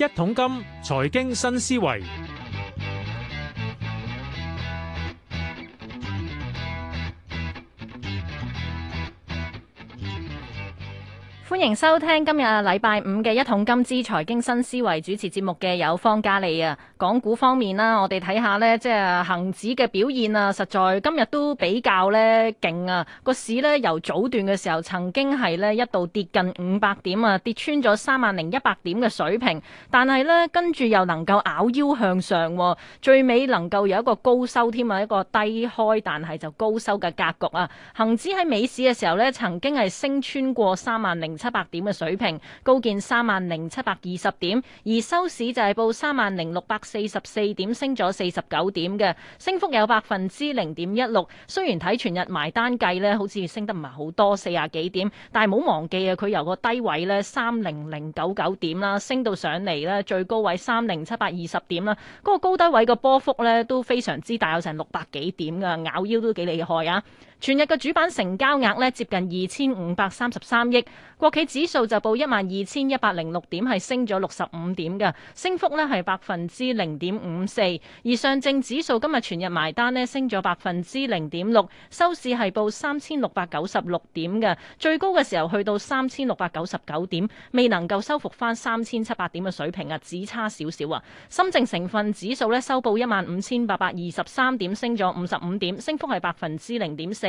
一桶金，財經新思維。歡迎收聽今日禮拜五嘅一桶金之財經新思維，主持節目嘅有方嘉利啊，港股方面啦、啊，我哋睇下呢即係、就是、恒指嘅表現啊，實在今日都比較呢勁啊，個市呢，由早段嘅時候曾經係呢一度跌近五百點啊，跌穿咗三萬零一百點嘅水平，但係呢，跟住又能夠咬腰向上、啊，最尾能夠有一個高收添啊，一個低開但係就高收嘅格局啊，恒指喺尾市嘅時候呢，曾經係升穿過三萬零七七百點嘅水平，高見三萬零七百二十點，而收市就係報三萬零六百四十四點，升咗四十九點嘅，升幅有百分之零點一六。雖然睇全日埋單計呢好似升得唔係好多，四啊幾點，但係唔好忘記啊，佢由個低位呢三零零九九點啦，升到上嚟呢最高位三零七百二十點啦，嗰個高低位個波幅呢都非常之大，有成六百幾點噶，咬腰都幾厲害啊！全日嘅主板成交額呢接近二千五百三十三億，國。佢指數就報一萬二千一百零六點，係升咗六十五點嘅，升幅呢係百分之零點五四。而上證指數今日全日埋單呢，升咗百分之零點六，收市係報三千六百九十六點嘅，最高嘅時候去到三千六百九十九點，未能夠收復翻三千七百點嘅水平啊，只差少少啊。深證成分指數呢，收報一萬五千八百二十三點，升咗五十五點，升幅係百分之零點四。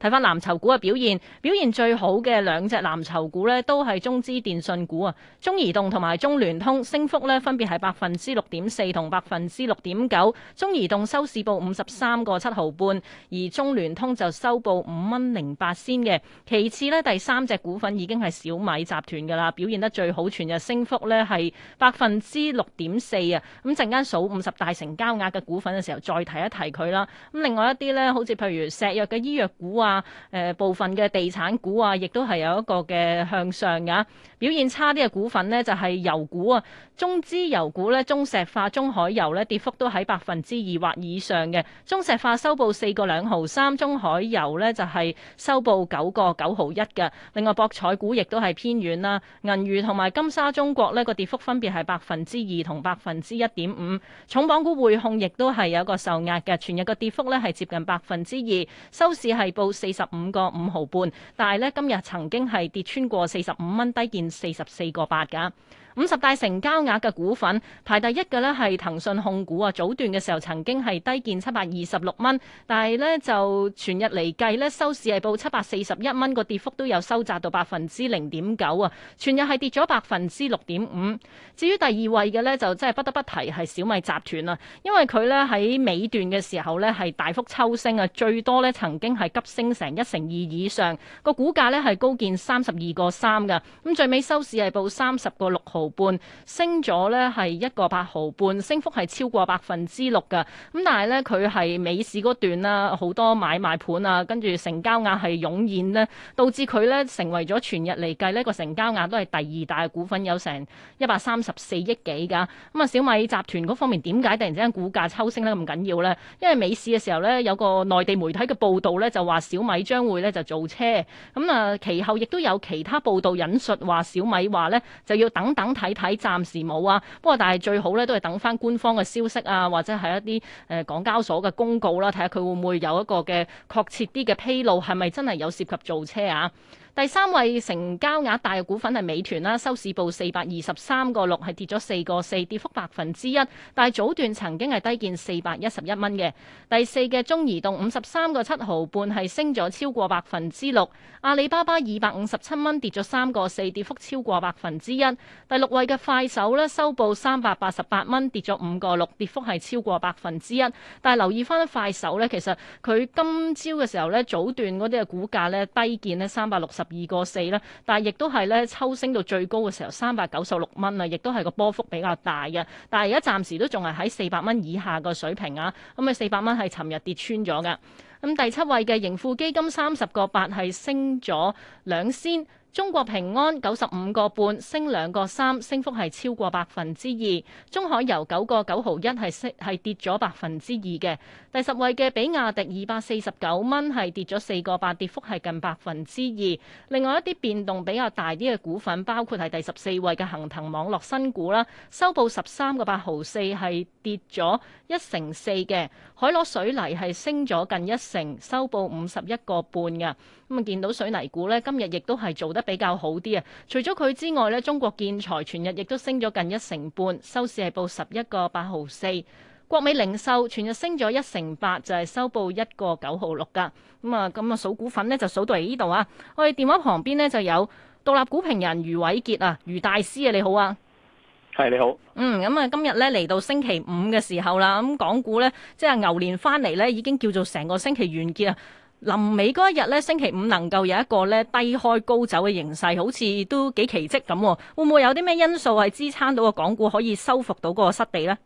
睇翻藍籌股嘅表現，表現最好嘅兩隻藍籌股咧，都係中資電信股啊，中移動同埋中聯通升幅咧分別係百分之六點四同百分之六點九。中移動收市報五十三個七毫半，而中聯通就收報五蚊零八仙嘅。其次咧，第三隻股份已經係小米集團㗎啦，表現得最好，全日升幅咧係百分之六點四啊。咁陣間數五十大成交額嘅股份嘅時候，再提一提佢啦。咁另外一啲咧，好似譬如石藥嘅醫藥股啊。啊，誒部分嘅地產股啊，亦都係有一個嘅向上嘅、啊。表現差啲嘅股份呢，就係、是、油股啊，中資油股呢，中石化、中海油呢，跌幅都喺百分之二或以上嘅。中石化收報四個兩毫三，中海油呢，就係、是、收報九個九毫一嘅。另外博彩股亦都係偏軟啦，銀娛同埋金沙中國呢個跌幅分別係百分之二同百分之一點五。重磅股匯控亦都係有一個受壓嘅，全日嘅跌幅呢，係接近百分之二，收市係報四十五個五毫半，但係咧今日曾經係跌穿過四十五蚊，低見四十四個八㗎。五十大成交額嘅股份排第一嘅呢，係騰訊控股啊。早段嘅時候曾經係低見七百二十六蚊，但係呢就全日嚟計呢收市係報七百四十一蚊，個跌幅都有收窄到百分之零點九啊。全日係跌咗百分之六點五。至於第二位嘅呢，就真係不得不提係小米集團啊，因為佢呢喺尾段嘅時候呢係大幅抽升啊，最多呢曾經係急升成一成二以上，個股價呢係高見三十二個三㗎。咁最尾收市係報三十個六毫半升咗呢，係一個八毫半，升幅係超過百分之六噶咁但係呢，佢係美市嗰段啦，好多買賣盤啊，跟住成交額係湧現呢，導致佢呢成為咗全日嚟計呢個成交額都係第二大的股份，有成一百三十四億幾噶咁、嗯、啊，小米集團嗰方面點解突然之間股價抽升得咁緊要呢？因為美市嘅時候呢，有個內地媒體嘅報道呢，就話小米將會呢就造車，咁、嗯、啊，其後亦都有其他報道引述話小米話呢就要等等。睇睇，暫時冇啊。不過，但係最好咧，都係等翻官方嘅消息啊，或者係一啲、呃、港交所嘅公告啦、啊，睇下佢會唔會有一個嘅確切啲嘅披露，係咪真係有涉及造車啊？第三位成交額大嘅股份係美團啦，收市報四百二十三個六，係跌咗四個四，跌幅百分之一。但係早段曾經係低見四百一十一蚊嘅。第四嘅中移動五十三個七毫半，係升咗超過百分之六。阿里巴巴二百五十七蚊跌咗三個四，跌幅超過百分之一。第六位嘅快手呢，收報三百八十八蚊，跌咗五個六，跌幅係超過百分之一。但係留意翻快手呢，其實佢今朝嘅時候呢，早段嗰啲嘅股價呢，低見呢三百六十。二個四啦，但係亦都係咧，抽升到最高嘅時候三百九十六蚊啊，亦都係個波幅比較大嘅。但係而家暫時都仲係喺四百蚊以下個水平啊。咁啊，四百蚊係尋日跌穿咗㗎。咁第七位嘅盈富基金三十個八係升咗兩仙。中國平安九十五個半升兩個三，升幅係超過百分之二。中海油九個九毫一係升係跌咗百分之二嘅。的第十位嘅比亞迪二百四十九蚊，係跌咗四個八，跌幅係近百分之二。另外一啲變動比較大啲嘅股份，包括係第十四位嘅恒騰網絡新股啦，收報十三個八毫四，係跌咗一成四嘅。海螺水泥係升咗近一成，收報五十一個半㗎。咁啊，見到水泥股呢，今日亦都係做得比較好啲啊。除咗佢之外呢，中國建材全日亦都升咗近一成半，收市係報十一個八毫四。國美零售全日升咗一成八，就係收報一個九毫六噶。咁啊，咁啊數股份呢，就數到嚟呢度啊。我哋電話旁邊呢，就有獨立股評人余偉杰啊，余大師啊，你好啊。係你好。嗯，咁啊，今日呢，嚟到星期五嘅時候啦，咁港股呢，即係牛年翻嚟呢，已經叫做成個星期完結啊。臨尾嗰一日呢，星期五能夠有一個呢低開高走嘅形勢，好似都幾奇蹟咁。會唔會有啲咩因素係支撐到個港股可以收復到個失地呢？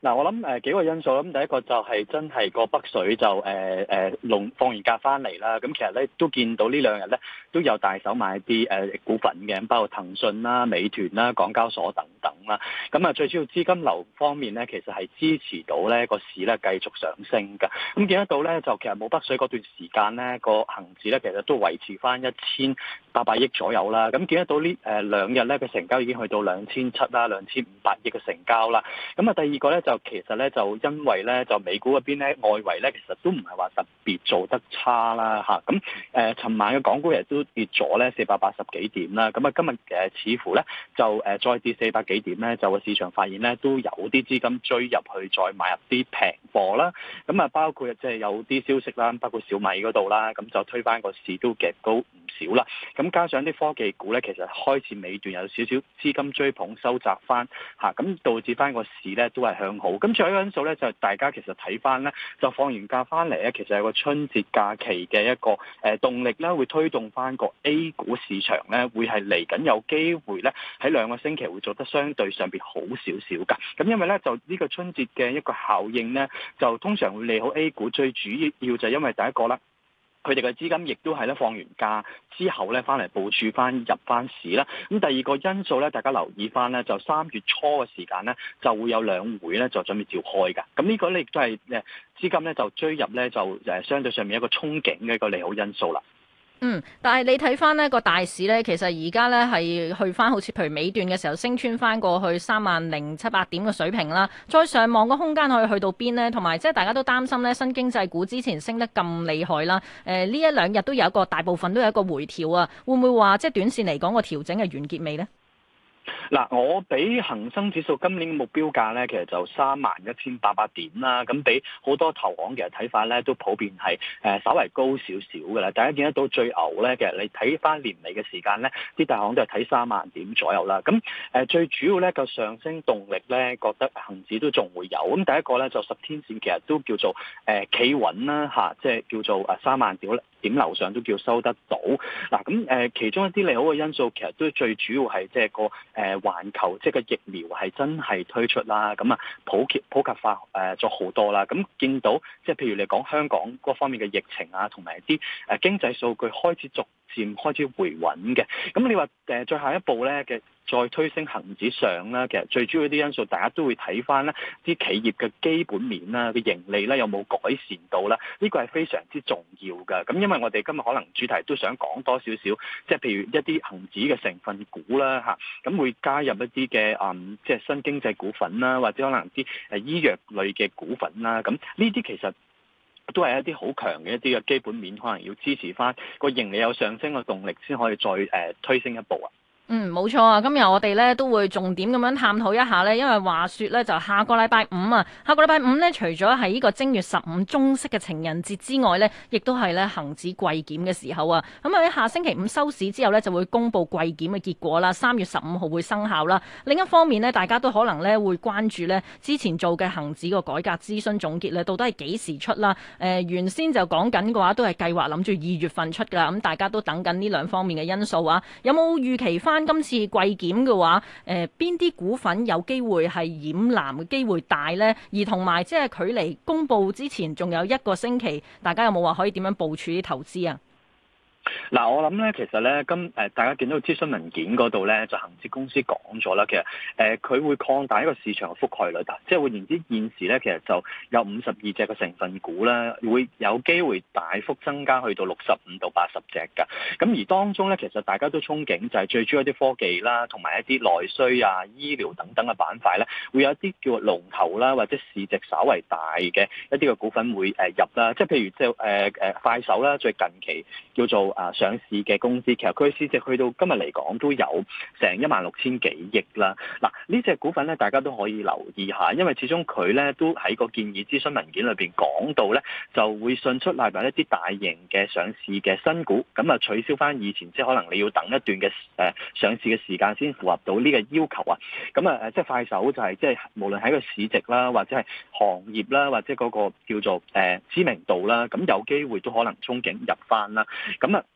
嗱、啊，我諗誒、呃、幾個因素，咁第一個就係真係個北水就誒誒、呃呃、放完假翻嚟啦，咁其實咧都見到兩呢兩日咧都有大手買啲誒、呃、股份嘅，包括騰訊啦、美團啦、港交所等等啦。咁啊，最主要資金流方面咧，其實係支持到咧個市咧繼續上升㗎。咁見得到咧，就其實冇北水嗰段時間咧，個恒指咧其實都維持翻一千八百億左右啦。咁見得到、呃、呢誒兩日咧佢成交已經去到兩千七啦、兩千五百億嘅成交啦。咁啊，第二個咧。就其實咧，就因為咧，就美股嗰邊咧，外圍咧，其實都唔係話特別做得差啦，吓咁誒，尋、啊、晚嘅港股亦都跌咗咧四百八十幾點啦，咁啊今日誒、啊、似乎咧就再跌四百幾點咧，就個、啊、市場發現咧都有啲資金追入去再買入啲平貨啦，咁啊包括即係有啲消息啦，包括小米嗰度啦，咁、啊、就推翻個市都夾高唔少啦，咁、啊、加上啲科技股咧，其實開始尾段有少少資金追捧收窄翻吓，咁導致翻個市咧都係向。好，咁仲有一個因素咧，就大家其實睇翻咧，就放完假翻嚟咧，其實有個春節假期嘅一個誒動力咧，會推動翻個 A 股市場咧，會係嚟緊有機會咧，喺兩個星期會做得相對上邊好少少噶。咁因為咧，就呢個春節嘅一個效應咧，就通常會利好 A 股，最主要就因為第一個啦。佢哋嘅資金亦都係咧放完假之後咧，翻嚟部署翻入翻市啦。咁第二個因素咧，大家留意翻咧，就三月初嘅時間咧，就會有兩會咧，就準備召開噶。咁、這、呢個咧亦都係誒資金咧就追入咧就誒相對上面一個憧憬嘅一個利好因素啦。嗯，但係你睇翻呢個大市呢，其實而家呢係去翻好似譬如尾段嘅時候升穿翻過去三萬零七八點嘅水平啦，再上望個空間可以去到邊呢？同埋即係大家都擔心呢，新經濟股之前升得咁厲害啦，誒呢一兩日都有一個大部分都有一個回調啊，會唔會話即係短線嚟講個調整係完結未呢？嗱，我俾恒生指數今年目標價咧，其實就三萬一千八百點啦。咁比好多投行其實睇法咧，都普遍係、呃、稍為高少少嘅啦。大家見得到最牛咧，其實你睇翻年尾嘅時間咧，啲大行都係睇三萬點左右啦。咁、呃、最主要咧個上升動力咧，覺得恒指都仲會有。咁第一個咧就十天線其實都叫做誒企穩啦，啊、即係叫做三萬點啦點樓上都叫收得到嗱。咁其中一啲利好嘅因素，其實都最主要係即係個環球即係、就是、個疫苗係真係推出啦，咁啊普及、普及化誒咗好多啦，咁見到即係、就是、譬如你講香港嗰方面嘅疫情啊，同埋啲誒經濟數據開始逐漸開始回穩嘅，咁你話誒，再下一步咧嘅再推升恒指上啦。其實最主要啲因素，大家都會睇翻，咧，啲企業嘅基本面啦，嘅盈利咧有冇改善到啦？呢個係非常之重要㗎。咁因為我哋今日可能主題都想講多少少，即係譬如一啲恒指嘅成分股啦，吓，咁會加入一啲嘅即係新經濟股份啦，或者可能啲誒醫藥類嘅股份啦，咁呢啲其實都係一啲好強嘅一啲嘅基本面，可能要支持翻個盈利有上升嘅動力，先可以再、呃、推升一步啊。嗯，冇錯啊！今日我哋咧都會重點咁樣探討一下呢，因為話說呢，就下個禮拜五啊，下個禮拜五呢，除咗喺呢個正月十五中式嘅情人節之外呢，亦都係呢恒指季檢嘅時候啊！咁喺下星期五收市之後呢，就會公布季檢嘅結果啦，三月十五號會生效啦。另一方面呢，大家都可能呢會關注呢之前做嘅恒指個改革諮詢總結呢，到底係幾時出啦？誒、呃，原先就講緊嘅話都係計劃諗住二月份出噶啦，咁大家都等緊呢兩方面嘅因素啊，有冇預期翻？今次季檢嘅話，誒，邊啲股份有機會係染藍嘅機會大咧？而同埋即係距離公布之前仲有一個星期，大家有冇話可以點樣部署啲投資啊？嗱、啊，我諗咧，其實咧，今、呃、大家見到諮詢文件嗰度咧，就恆指公司講咗啦，其實誒佢、呃、會擴大一個市場嘅覆蓋率，呃、即係換言之，現時咧其實就有五十二隻嘅成分股啦，會有機會大幅增加去到六十五到八十隻㗎。咁、呃、而當中咧，其實大家都憧憬就係最主要一啲科技啦，同埋一啲內需啊、醫療等等嘅板塊咧，會有一啲叫龍頭啦，或者市值稍為大嘅一啲嘅股份會、呃、入啦，即係譬如就誒、呃、快手啦，最近期叫做。啊！上市嘅公司，其實佢市值去到今日嚟講都有成一萬六千幾億啦。嗱、啊，呢隻股份咧，大家都可以留意下，因為始終佢咧都喺個建議諮詢文件裏面講到咧，就會信出嚟有一啲大型嘅上市嘅新股，咁啊取消翻以前即係可能你要等一段嘅、啊、上市嘅時間先符合到呢個要求啊。咁啊即係快手就係、是、即係無論喺個市值啦，或者係行業啦，或者嗰個叫做、啊、知名度啦，咁有機會都可能憧憬入翻啦。咁啊～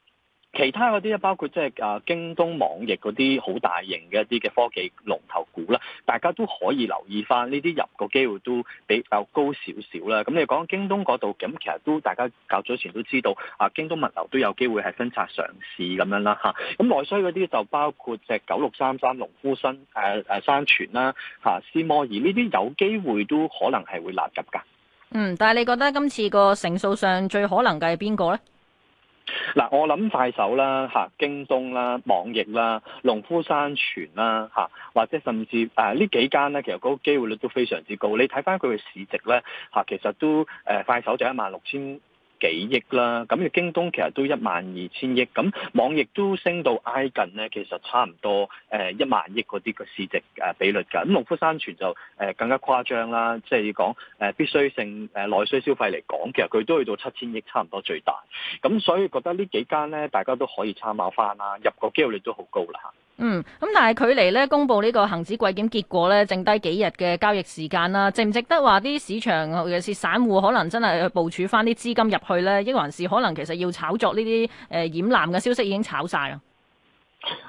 其他嗰啲包括即係啊，京東網易嗰啲好大型嘅一啲嘅科技龍頭股啦，大家都可以留意翻，呢啲入個機會都比較高少少啦。咁你講京東嗰度，咁其實都大家較早前都知道啊，京東物流都有機會係分拆上市咁樣啦，嚇。咁內需嗰啲就包括隻九六三三、農夫新、誒誒山泉啦，嚇、啊、斯摩爾呢啲有機會都可能係會納入㗎。嗯，但係你覺得今次個成數上最可能嘅係邊個咧？嗱，我諗快手啦，吓，京東啦，網易啦，農夫山泉啦，吓，或者甚至誒呢幾間咧，其實嗰個機會率都非常之高。你睇翻佢嘅市值咧，吓，其實都誒快手就一萬六千。幾億啦，咁你京東其實都一萬二千億，咁網易都升到挨近呢。其實差唔多誒一萬億嗰啲個市值誒比率㗎，咁農夫山泉就誒更加誇張啦，即係講誒必須性誒內需消費嚟講，其實佢都要到七千億差唔多最大，咁所以覺得呢幾間呢，大家都可以參考翻啦，入個機率率都好高啦吓。嗯，咁但係距離公布呢個恒指季檢結果咧，剩低幾日嘅交易時間啦，值唔值得話啲市場尤其是散戶可能真係部署翻啲資金入去咧？抑或是可能其實要炒作呢啲誒染藍嘅消息已經炒晒啊？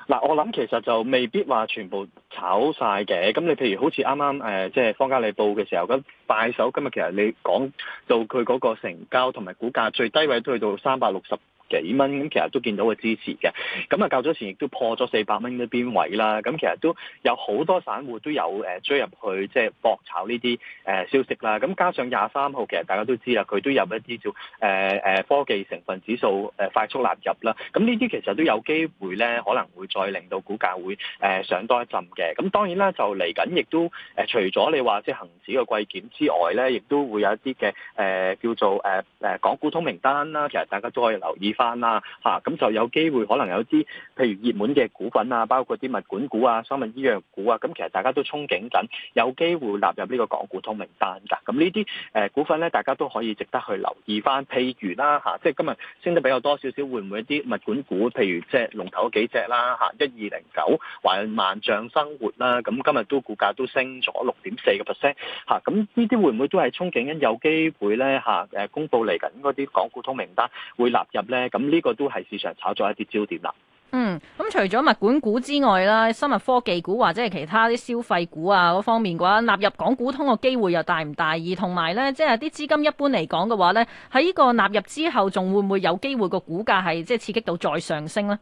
嗱，我諗其實就未必話全部炒晒嘅。咁你譬如好似啱啱誒即係方家利報嘅時候咁，快手今日其實你講到佢嗰個成交同埋股價最低位都去到三百六十。幾蚊咁，其實都見到個支持嘅。咁啊，較早前亦都破咗四百蚊嘅邊位啦。咁其實都有好多散戶都有誒追入去，即係博炒呢啲誒消息啦。咁加上廿三號，其實大家都知啦，佢都有一啲叫誒誒科技成分指數誒快速納入啦。咁呢啲其實都有機會咧，可能會再令到股價會誒上多一浸嘅。咁當然啦，就嚟緊亦都誒除咗你話即係恆指嘅季檢之外咧，亦都會有一啲嘅誒叫做誒誒、呃、港股通名單啦。其實大家都可以留意。咁、啊、就有機會，可能有啲譬如熱門嘅股份啊，包括啲物管股啊、生物醫藥股啊，咁其實大家都憧憬緊，有機會納入呢個港股通名單㗎。咁呢啲誒股份咧，大家都可以值得去留意翻。譬如啦、啊，即係今日升得比較多少少，會唔會一啲物管股，譬如即係龍頭嗰幾隻啦，嚇、啊，一二零九，華潤萬象生活啦，咁、啊、今日都股價都升咗六點四個 percent，嚇，咁呢啲會唔會都係憧憬緊有機會咧嚇、啊、公佈嚟緊嗰啲港股通名單會納入咧？咁呢個都係市場炒作一啲焦點啦。嗯，咁除咗物管股之外啦，生物科技股或者係其他啲消費股啊嗰方面嘅話，納入港股通嘅機會又大唔大？而同埋呢，即係啲資金一般嚟講嘅話呢，喺呢個納入之後，仲會唔會有機會個股價係即係刺激到再上升呢？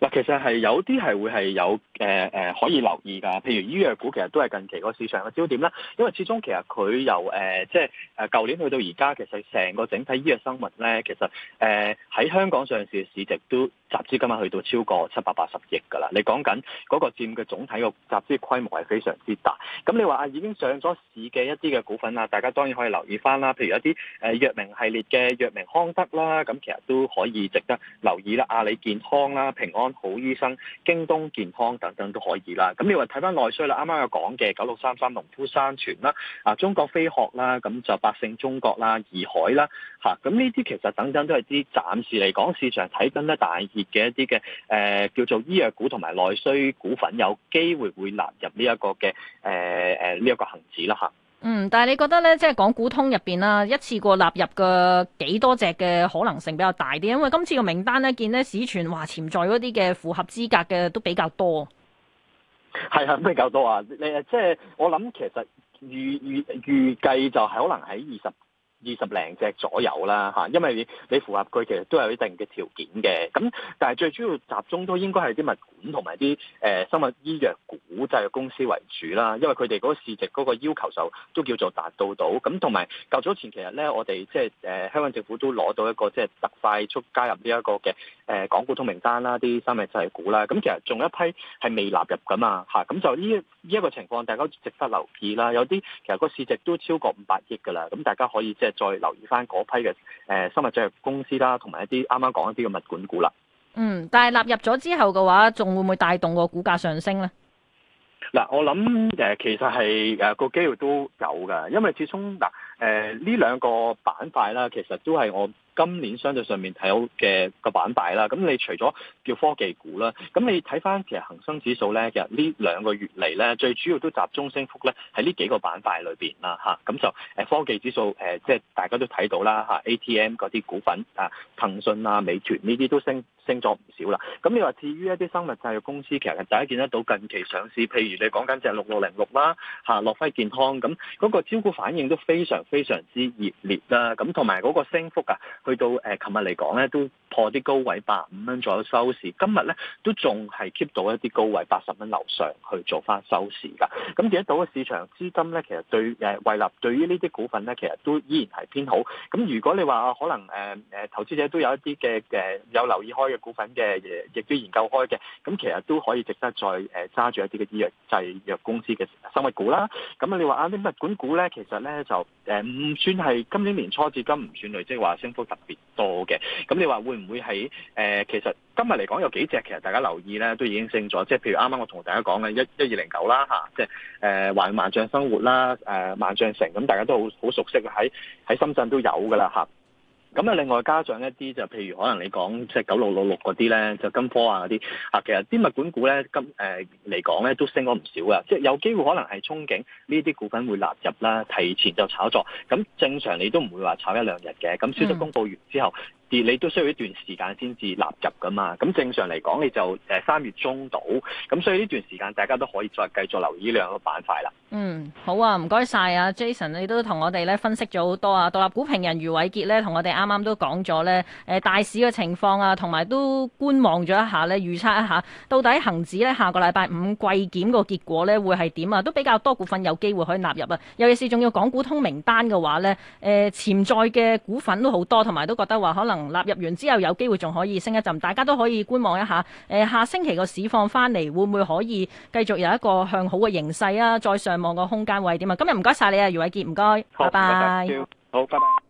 嗱，其實係有啲係會係有。誒誒、呃呃、可以留意㗎，譬如醫藥股其實都係近期個市場嘅焦點啦，因為始終其實佢由誒即係誒舊年去到而家，其實成個整體醫藥生物咧，其實誒喺、呃、香港上市市值都集資，今日去到超過七百八十億㗎啦。你講緊嗰個佔嘅總體個集資規模係非常之大。咁你話啊，已經上咗市嘅一啲嘅股份啦，大家當然可以留意翻啦。譬如一啲誒藥明系列嘅藥明康德啦，咁其實都可以值得留意啦。阿、啊、里健康啦、平安好醫生、京東健康等。等等都可以啦。咁你話睇返內需啦，啱啱有講嘅九六三三農夫山泉啦，啊中國飛鶴啦，咁就百勝中國啦、頤海啦，吓，咁呢啲其實等等都係啲暫時嚟講市場睇緊咧大熱嘅一啲嘅誒叫做醫藥股同埋內需股份有機會會納入呢一個嘅誒誒呢一個恒指啦吓。嗯，但係你覺得咧，即係港股通入邊啦，一次過納入嘅幾多隻嘅可能性比較大啲，因為今次個名單咧見咧市傳話潛在嗰啲嘅符合資格嘅都比較多。嗯係啊，比較多啊，你誒，即係我諗，其實預預預計就係可能喺二十。二十零隻左右啦嚇，因為你符合佢其實都有一定嘅條件嘅。咁但係最主要集中都應該係啲物管同埋啲生物醫藥股製藥，就係，公司為主啦，因為佢哋嗰個市值嗰個要求就都叫做達到達到。咁同埋較早前其實咧，我哋即係香港政府都攞到一個即係特快速加入呢一個嘅港股通名單啦，啲生物製藥股啦。咁其實仲有一批係未納入噶嘛嚇，咁就呢呢一個情況，大家值得留意啦。有啲其實嗰個市值都超過五百億噶啦，咁大家可以即，就係再留意翻嗰批嘅誒生物製藥公司啦，同埋一啲啱啱講一啲嘅物管股啦。嗯，但係納入咗之後嘅話，仲會唔會帶動個股價上升咧？嗱、嗯，我諗誒、呃，其實係誒、呃、個機會都有噶，因為始終嗱誒呢兩個板塊啦，其實都係我。今年相對上面睇好嘅個板塊啦，咁你除咗叫科技股啦，咁你睇翻其實恒生指數咧，其實呢兩個月嚟咧，最主要都集中升幅咧喺呢幾個板塊裏面啦，咁就科技指數誒，即係大家都睇到啦嚇，ATM 嗰啲股份啊，騰訊啊、美團呢啲都升升咗唔少啦。咁你話至於一啲生物製藥公司，其實大家見得到近期上市，譬如你講緊隻六六零六啦，嚇，諾輝健康，咁嗰個招股反應都非常非常之熱烈啦，咁同埋嗰個升幅啊～去到誒，琴日嚟講咧，都破啲高位八五蚊左右收市。今日咧，都仲係 keep 到一啲高位八十蚊樓上去做翻收市㗎。咁見得到嘅市場資金咧，其實對誒維立對於呢啲股份咧，其實都依然係偏好。咁如果你話可能誒、啊、投資者都有一啲嘅誒有留意開嘅股份嘅亦都研究開嘅，咁其實都可以值得再誒揸住一啲嘅醫藥製藥公司嘅生物股啦。咁啊，你話啊啲物管股咧，其實咧就唔、啊、算係今年年初至今唔算累積話、即係、升幅別多嘅，咁你話會唔會喺誒、呃，其實今日嚟講有幾隻，其實大家留意咧都已經升咗，即係譬如啱啱我同大家講嘅一一二零九啦，吓、啊，即係誒，華潤、呃、萬象生活啦，誒、呃，萬象城，咁大家都好好熟悉嘅，喺喺深圳都有噶啦，吓、啊。咁啊，另外加上一啲就譬如可能你講即係九六六六嗰啲咧，就金科啊嗰啲啊，其實啲物管股咧今誒嚟、呃、講咧都升咗唔少㗎。即係有機會可能係憧憬呢啲股份會納入啦，提前就炒作。咁正常你都唔會話炒一兩日嘅。咁消息公布完之後，嗯你都需要一段時間先至納入㗎嘛，咁正常嚟講你就誒三月中到，咁所以呢段時間大家都可以再繼續留意呢兩個板塊啦。嗯，好啊，唔該晒啊，Jason，你都同我哋咧分析咗好多啊。獨立股評人余偉傑咧，同我哋啱啱都講咗咧，誒、呃、大市嘅情況啊，同埋都觀望咗一下咧，預測一下到底恒指咧下個禮拜五季檢個結果咧會係點啊？都比較多股份有機會可以納入啊，尤其是仲要港股通名單嘅話咧，誒、呃、潛在嘅股份都好多，同埋都覺得話可能。納入完之後有機會仲可以升一浸，大家都可以觀望一下。誒，下星期個市況翻嚟會唔會可以繼續有一個向好嘅形勢啊？再上網個空間位點啊？今日唔該晒你啊，余偉傑，唔該，好拜拜唔該唔該。好，拜拜。